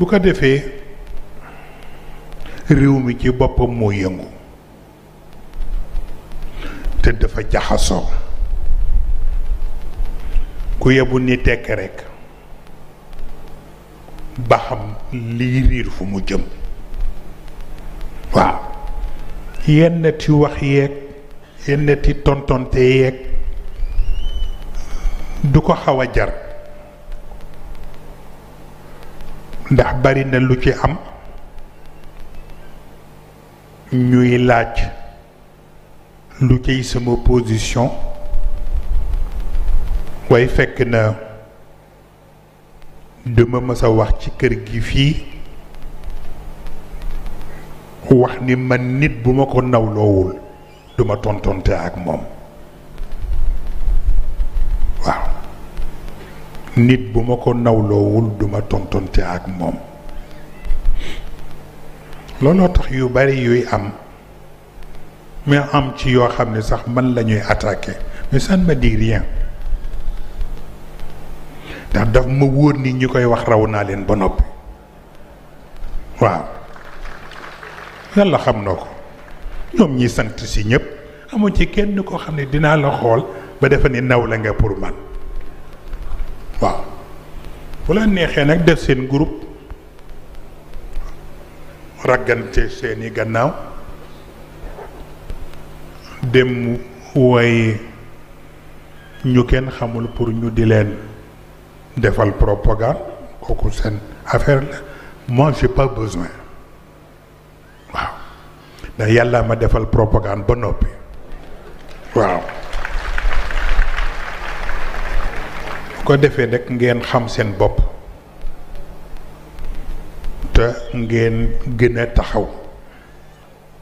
bu ko defee réew mi ci boppam moo yëngu te dafa jaxasoo ku yebu ni tekk rekk ba xam lii riir fu mu jëm waaw yenn ti wax yeeg yenn ti tontonte yeeg du ko xaw a jar ndax bari na lu ci am ñuy laaj lu ciy sama position way fekk na duma mës a wax ci kër gi fii wax ni man nit bu ma ko nawloowul duma tontonte ak moom waaw nit bu ma ko nawloowul duma tontonte ak moom looloo tax yu bari yuy am mais am ci yoo xam ne sax man lañuy ñuy attaqué mais ça rien ndax daf ma wóor ni ñi koy wax raw naa leen ba noppi waaw yàlla xam na ko ñoom ñi sant si ñëpp amu ci kenn koo xam ne dinaa la xool ba defa ne naw la nga pour man waaw bu la neexee nag def seen group raggante seeni gannaaw dem woy ñu kenn xamul pour ñu di leen defal propagande kooku seen affaire la moi j'ai pas besoin waaw ndax yàlla ma defal propagande ba noppi waaw ko defee rek ngeen xam seen bopp te ngeen gën taxaw